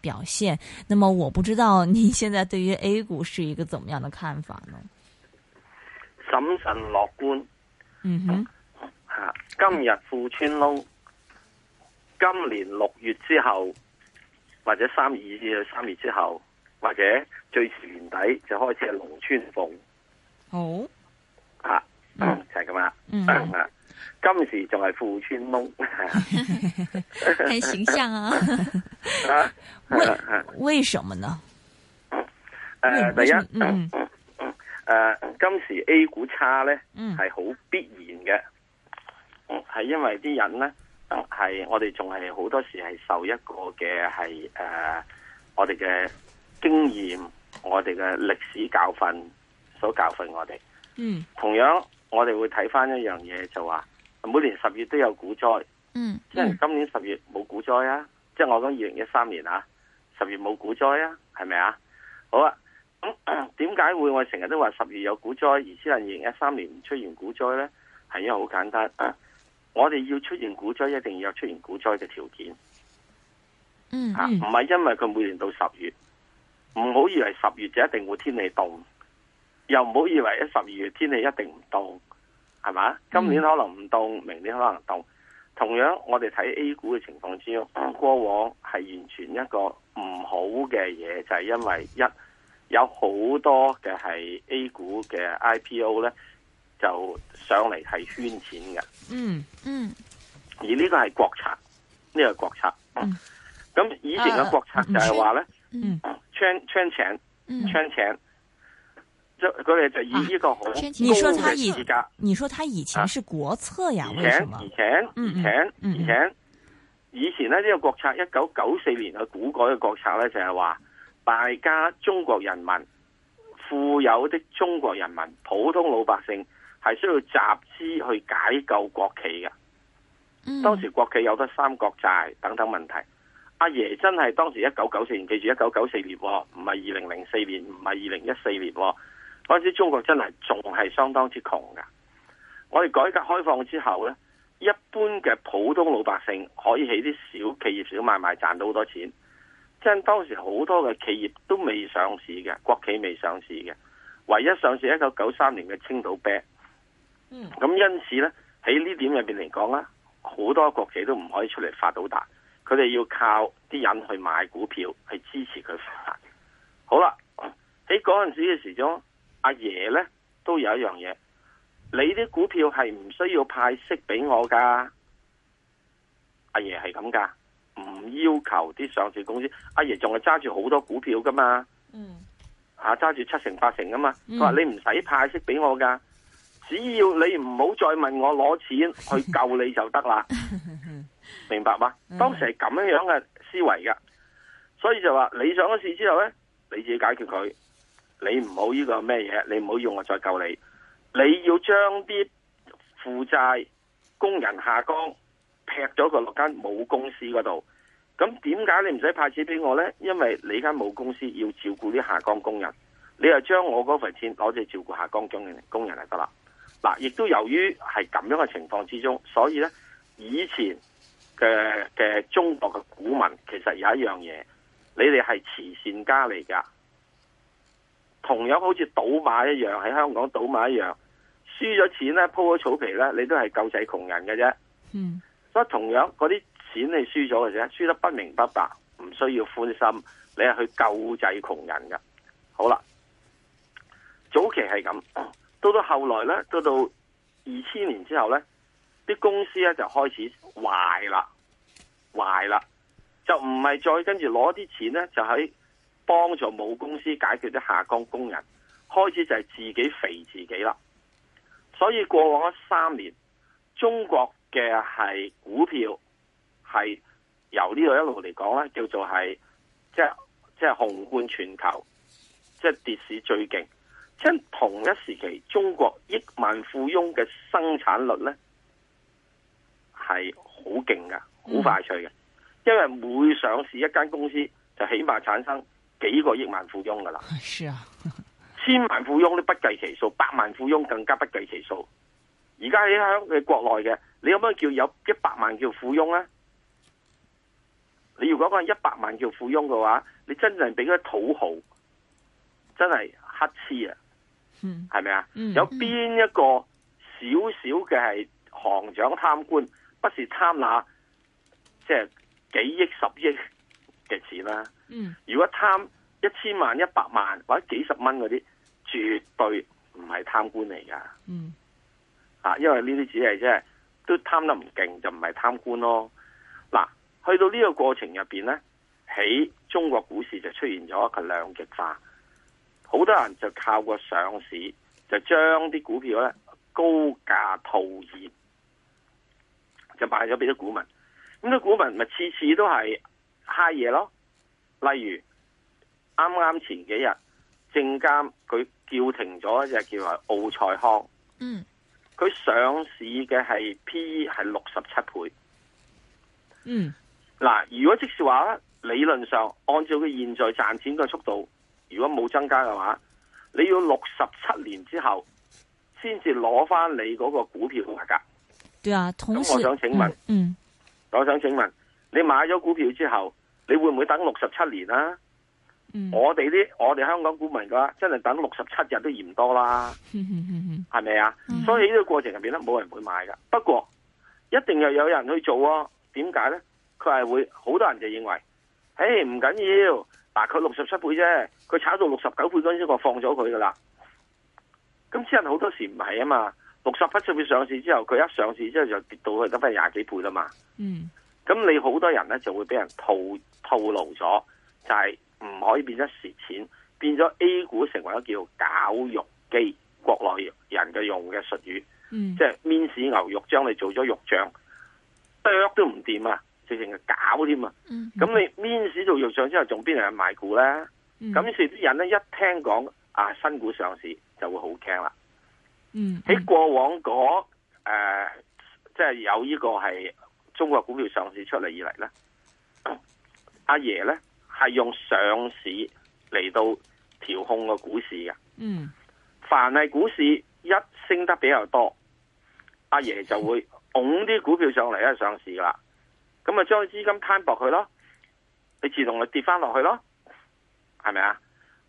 表現，那麼我不知道您現在對於 A 股是一個怎麼樣的看法呢？審慎樂觀。嗯哼，吓、啊，今日富穿窿，今年六月之後，或者三月二三月之後，或者最遲年底就開始係龍穿鳳。好、哦。吓、啊，嗯，啊、就係咁啦。嗯。啊今時就係富村翁，睇形象啊 ？為為什麼呢？誒、呃，第一，誒、嗯呃，今時 A 股差呢係好必然嘅，係、嗯、因為啲人呢，係我哋仲係好多時係受一個嘅係誒，我哋嘅經驗，我哋嘅歷史教訓所教訓我哋。嗯，同樣我哋會睇翻一樣嘢，就話。每年十月都有股災，嗯嗯，即係今年十月冇股災啊！嗯、即係我講二零一三年啊，十月冇股災啊，係咪啊？好啊，咁點解會我成日都話十月有股災，而只能二零一三年唔出現股災呢？係因為好簡單，啊，我哋要出現股災，一定要有出現股災嘅條件。嗯、唔、嗯、係、啊、因為佢每年到十月，唔好以為十月就一定會天氣凍，又唔好以為喺十二月天氣一定唔凍。係嘛？今年可能唔凍，明年可能凍。同樣，我哋睇 A 股嘅情況之中，過往係完全一個唔好嘅嘢，就係因為一有好多嘅係 A 股嘅 IPO 咧，就上嚟係圈錢嘅。嗯嗯。而呢個係國策，呢個係國策。咁、嗯、以前嘅國策就係話咧，嗯，圈圈錢，嗯，圈就佢哋就以呢個好、啊，你說他以噶，你說他以前是國策呀？為什麼？以前，以前，以前以前咧呢、這個國策，一九九四年嘅股改嘅國策呢，就係話，大家中國人民富有的中國人民普通老百姓係需要集資去解救國企嘅。當時國企有得三角債等等問題。嗯、阿爺真係當時一九九四年，記住一九九四年，唔係二零零四年，唔係二零一四年。嗰陣時中國真係仲係相當之窮噶。我哋改革開放之後呢，一般嘅普通老百姓可以喺啲小企業、小買賣賺到好多錢。即係當時好多嘅企業都未上市嘅，國企未上市嘅，唯一上市一九九三年嘅青島啤。嗯。咁因此呢，喺呢點入邊嚟講啦，好多國企都唔可以出嚟發到達，佢哋要靠啲人去買股票去支持佢發達。好啦，喺嗰陣時嘅時鐘。阿爺咧都有一樣嘢，你啲股票係唔需要派息俾我噶阿爺係咁噶唔要求啲上市公司。阿爺仲係揸住好多股票噶嘛，嗯，吓揸住七成八成㗎嘛，佢、嗯、話你唔使派息俾我噶只要你唔好再問我攞錢去救你就得啦， 明白嗎？當時係咁樣樣嘅思維噶，所以就話你上咗市之後咧，你自己解決佢。你唔好呢個咩嘢，你唔好用我再救你。你要將啲負債工人下崗劈咗佢落間母公司嗰度，咁點解你唔使派錢俾我呢？因為你間母公司要照顧啲下崗工人，你就將我嗰份錢攞嚟照顧下崗工人就，工人嚟㗎啦。嗱，亦都由於係咁樣嘅情況之中，所以呢，以前嘅嘅中國嘅股民，其實有一樣嘢，你哋係慈善家嚟噶。同樣好似賭馬一樣喺香港賭馬一樣，輸咗錢咧鋪咗草皮咧，你都係救濟窮人嘅啫。嗯，所以同樣嗰啲錢你輸咗嘅啫，輸得不明不白，唔需要歡心，你係去救濟窮人嘅。好啦，早期係咁，到到後來咧，到到二千年之後咧，啲公司咧就開始壞啦，壞啦，就唔係再跟住攞啲錢咧就喺。幫助母公司解決啲下崗工人，開始就係自己肥自己啦。所以過往咗三年，中國嘅係股票係由呢度一路嚟講咧，叫做係即係即係雄冠全球，即係跌市最勁。即係同一時期，中國億萬富翁嘅生產率咧係好勁噶，好快脆嘅。因為每上市一間公司，就起碼產生。幾個億萬富翁噶啦，係啊，千萬富翁都不計其數，百萬富翁更加不計其數。而家喺香港嘅國內嘅，你有乜叫有一百萬叫富翁呢？你如果講一百萬叫富翁嘅話，你真正俾嗰啲土豪，真係黑痴啊！嗯，係咪啊？有邊一個少少嘅係行長貪官不貪，不、就是貪拿即係幾億、十億？嘅錢啦，如果貪一千萬、一百萬或者幾十蚊嗰啲，絕對唔係貪官嚟噶。嗯，啊，因為呢啲只係即係都貪得唔勁，就唔係貪官咯。嗱，去到呢個過程入邊咧，喺中國股市就出現咗一個兩極化，好多人就靠個上市就將啲股票咧高價套現，就賣咗俾啲股民。咁啲股民咪次次都係。揩嘢咯，例如啱啱前幾日證監佢叫停咗一隻叫做奧賽康，嗯，佢上市嘅係 P E 係六十七倍，嗯，嗱，如果即係話理論上按照佢現在賺錢嘅速度，如果冇增加嘅話，你要六十七年之後先至攞翻你嗰個股票價同價格，對啊，咁我想請問，嗯，嗯我想請問你買咗股票之後，你會唔會等六十七年啊？嗯、我哋啲我哋香港股民嘅話，真係等六十七日都嫌多啦，係、嗯、咪啊？嗯、所以呢個過程入邊咧，冇人會買噶。不過一定又有人去做啊。點解咧？佢係會好多人就認為，誒唔緊要，大概六十七倍啫，佢炒到六十九倍嗰陣時我放咗佢噶啦。咁先，好多時唔係啊嘛。六十七十倍上市之後，佢一上市之後就跌到去得翻廿幾倍啊嘛。嗯。咁你好多人咧，就會俾人套套路咗，就係、是、唔可以變咗蝕錢，變咗 A 股成為咗叫做絞肉機，國內人嘅用嘅術語，嗯、即係免治牛肉將你做咗肉醬，剁都唔掂啊，直情係搞添啊！咁、嗯嗯、你免治做肉醬之後，仲邊有人買股咧？咁於是啲人咧一聽講啊新股上市，就會好驚啦。嗯，喺、嗯、過往嗰誒，即、呃、係、就是、有呢個係。中國股票上市出嚟以嚟咧，阿爺咧係用上市嚟到調控個股市嘅。嗯，凡係股市一升得比較多，阿爺就會拱啲股票上嚟一上市噶啦，咁啊將啲資金攤薄佢咯，你自動咪跌翻落去咯，係咪啊？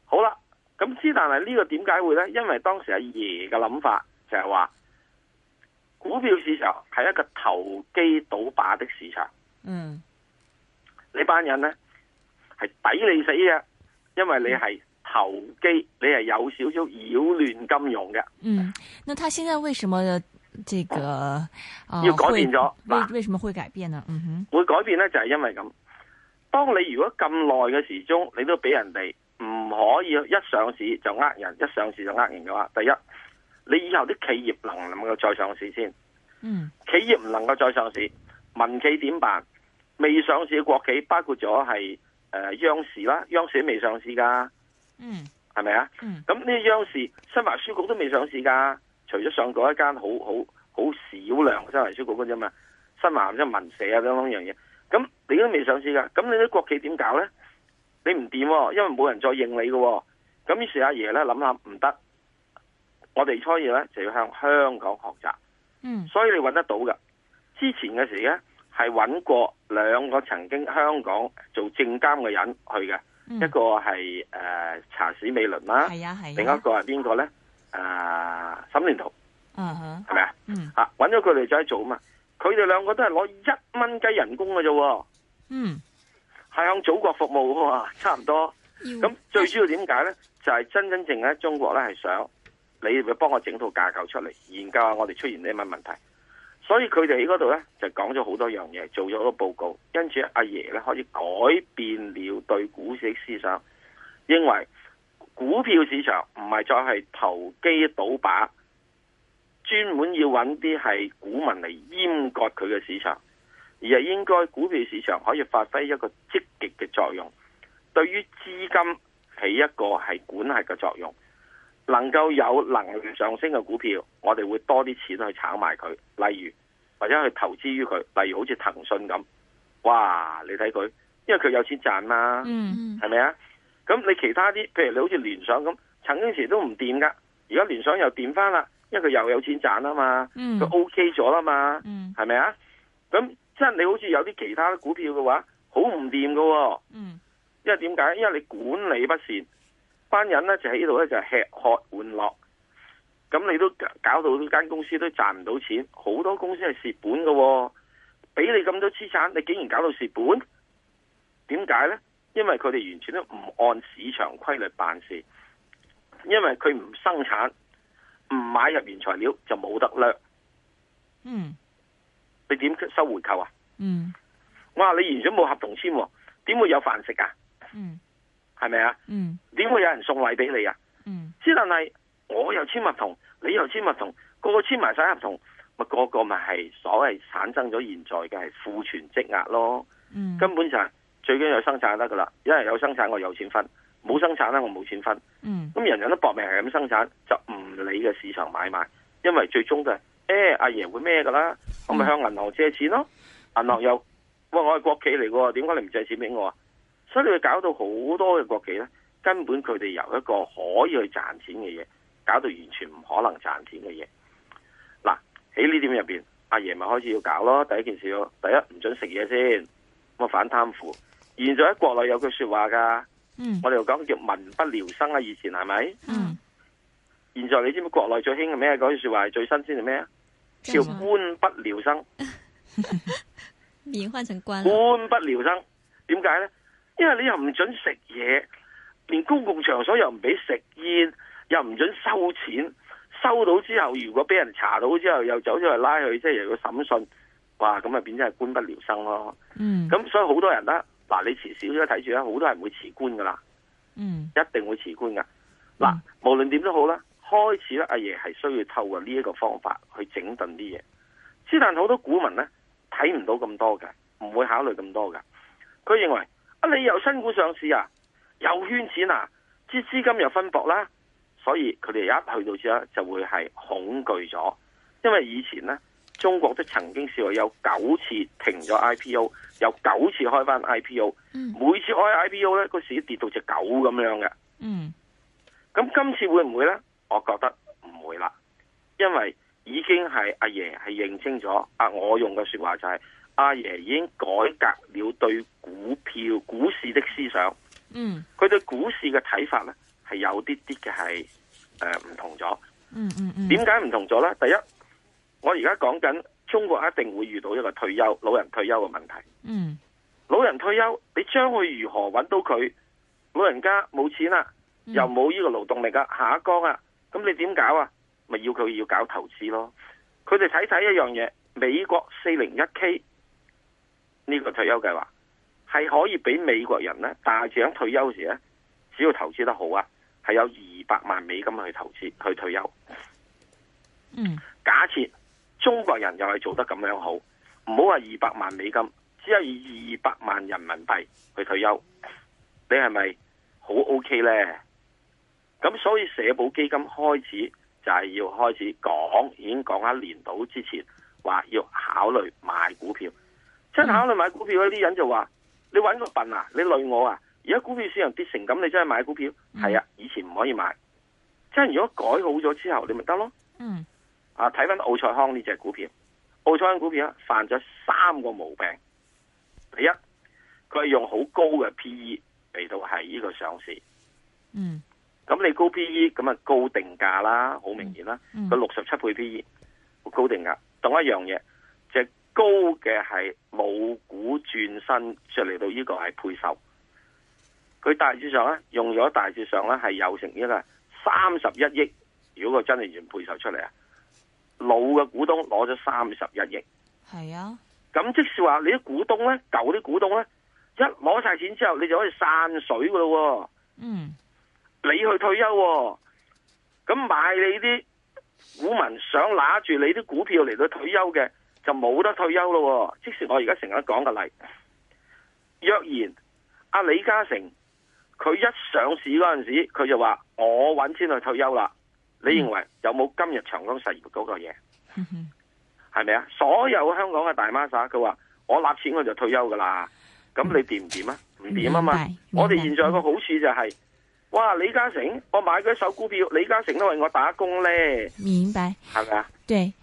好啦，咁之但係呢個點解會咧？因為當時阿爺嘅諗法就係話。股票市場係一個投機倒把的市場。嗯，呢班人呢係抵你死嘅，因為你係投機，你係有少少擾亂金融嘅。嗯，那他現在為什麼這個、嗯、要改變咗，啊？為為什麼會改變呢？嗯哼，會改變呢？就係因為咁。當你如果咁耐嘅時鐘，你都俾人哋唔可以一上市就呃人，一上市就呃人嘅話，第一。你以後啲企業能唔能夠再上市先？嗯，企業唔能夠再上市，民企點辦？未上市嘅國企包括咗係誒央視啦，央視未上市噶，嗯，係咪啊？嗯，咁呢央視新華書局都未上市噶，除咗上過一間好好好少量新華書局嗰隻嘛，新華即係民社啊，咁樣嘢，咁你都未上市噶，咁你啲國企點搞咧？你唔掂、啊，因為冇人再認你喎、啊。咁於是阿爺咧諗下唔得。我哋初二咧就要向香港學習，嗯，所以你揾得到嘅。之前嘅時咧係揾過兩個曾經香港做證監嘅人去嘅、嗯，一個係誒、呃、查史美倫啦，係啊係、啊，另一個係邊個咧？啊沈聯濤，嗯哼，係咪啊？嗯，吓揾咗佢哋就喺做啊嘛。佢哋兩個都係攞一蚊雞人工嘅啫，嗯，係向祖國服務嘛，差唔多。咁、嗯、最主要點解咧？就係、是、真真正正喺中國咧係想。你會幫我整套架構出嚟，研究下我哋出現啲乜問題。所以佢哋喺嗰度呢，就講咗好多樣嘢，做咗個報告。因此阿爺呢，開始改變了對股市嘅思想，認為股票市場唔係再係投機倒把，專門要揾啲係股民嚟閹割佢嘅市場，而係應該股票市場可以發揮一個積極嘅作用，對於資金起一個係管轄嘅作用。能夠有能力上升嘅股票，我哋會多啲錢去炒賣佢，例如或者去投資於佢，例如好似騰訊咁，哇！你睇佢，因為佢有錢賺嘛，係咪啊？咁你其他啲，譬如你好似聯想咁，曾經時都唔掂噶，而家聯想又掂翻啦，因為佢又有錢賺啊嘛，佢、嗯、OK 咗啦嘛，係咪啊？咁即係你好似有啲其他股票嘅話，好唔掂噶，因為點解？因為你管理不善。班人咧就喺呢度咧就係吃喝玩樂，咁你都搞到呢間公司都賺唔到錢，好多公司係蝕本噶喎，俾你咁多資產，你竟然搞到蝕本，點解咧？因為佢哋完全都唔按市場規律辦事，因為佢唔生產，唔買入原材料就冇得掠，嗯，你點收回扣啊？嗯，我話你完全冇合同簽，啊，點會有飯食啊？嗯。係咪啊？嗯，點會有人送禮俾你啊？嗯，之但係我又簽合同，你又簽合同，個個簽埋晒合同，咪個個咪係所謂產生咗現在嘅係庫存積壓咯。嗯，根本就係、係、最緊要有生產得噶啦，因為有生產我有錢分，冇生產咧我冇錢分。嗯，咁人人都搏命係咁生產，就唔理嘅市場買賣，因為最終都係誒阿爺會咩噶啦？我咪向銀行借錢咯，銀行又，喂我係國企嚟噶，點解你唔借錢俾我啊？所以你會搞到好多嘅國企咧，根本佢哋由一個可以去賺錢嘅嘢，搞到完全唔可能賺錢嘅嘢。嗱，喺呢點入邊，阿爺咪開始要搞咯。第一件事，第一唔准食嘢先，咁啊反貪腐。現在喺國內有句說話噶，嗯，我哋又講叫民不聊生啊。以前係咪？嗯。現在你知唔知國內最興嘅咩？嗰句說話係最新鮮係咩啊？叫官不聊生。你 換成官。官不聊生，點解咧？因為你又唔准食嘢，連公共場所又唔俾食煙，又唔准收錢，收到之後如果俾人查到之後，又走咗去拉佢，即係又要審訊，哇！咁啊變咗係官不聊生咯。嗯，咁所以好多人咧，嗱你遲少少睇住咧，好多人會辭官噶啦。嗯，一定會辭官噶。嗱、嗯，無論點都好啦，開始咧，阿爺係需要透過呢一個方法去整頓啲嘢。之但好多股民咧睇唔到咁多嘅，唔會考慮咁多㗎。佢認為。啊！你又新股上市啊，又圈錢啊，啲資金又分薄啦，啊，所以佢哋一去到之後就會係恐懼咗。因為以前呢，中國都曾經試過有九次停咗 IPO，有九次開翻 IPO，每次開 IPO 呢，嗰時跌到隻狗咁樣嘅。嗯。咁今次會唔會呢？我覺得唔會啦，因為已經係阿爺係認清楚。啊，我用嘅說話就係，是。阿爺已經改革了對股票、股市的思想。嗯，佢對股市嘅睇法咧，係有啲啲嘅係誒，唔同咗。嗯嗯嗯，點解唔同咗咧？第一，我而家講緊中國一定會遇到一個退休老人退休嘅問題。嗯，老人退休，你將會如何搵到佢？老人家冇錢啦、啊嗯，又冇呢個勞動力噶、啊，下一崗啊，咁你點搞啊？咪要佢要搞投資咯。佢哋睇睇一樣嘢，美國四零一 K。呢、這個退休計劃係可以俾美國人大大獎退休時，只要投資得好啊，係有二百萬美金去投資去退休。假設中國人又係做得咁樣好，唔好話二百萬美金，只有二百萬人民幣去退休，你係咪好 OK 呢？咁所以社保基金開始就係要開始講，已經講了一年到之前話要考慮買股票。真考慮買股票嗰啲人就話：你搵個笨啊，你累我啊！而家股票市場跌成咁，你真係買股票？係、嗯、啊，以前唔可以買。即係如果改好咗之後，你咪得咯。嗯。啊，睇翻奧賽康呢隻股票，奧賽康股票啊，犯咗三個毛病。第一，佢係用好高嘅 P E 嚟到係呢個上市。嗯。咁你高 P E，咁啊高定價啦，好明顯啦。佢六十七倍 P E，好高定價。同一樣嘢。高嘅係冇股轉身出嚟到呢個係配售，佢大致上咧用咗大致上咧係有成一個三十一億，如果個真係完配售出嚟啊，老嘅股東攞咗三十一億，係啊，咁即係話你啲股東咧，舊啲股東咧，一攞晒錢之後，你就可以散水噶咯，嗯，你去退休啊，咁買你啲股民想拿住你啲股票嚟到退休嘅。就冇得退休咯，即使我而家成日講個例子，若然阿李嘉誠佢一上市嗰陣時候，佢就話我揾錢去退休啦，嗯。你認為有冇今日長江實業嗰個嘢？係咪啊？所有香港嘅大孖沙，佢話我納錢我就退休噶啦。咁你掂唔掂啊？唔掂啊嘛。我哋現在有個好處就係，是，哇！李嘉誠，我買佢一手股票，李嘉誠都為我打工咧。明白係咪啊？對。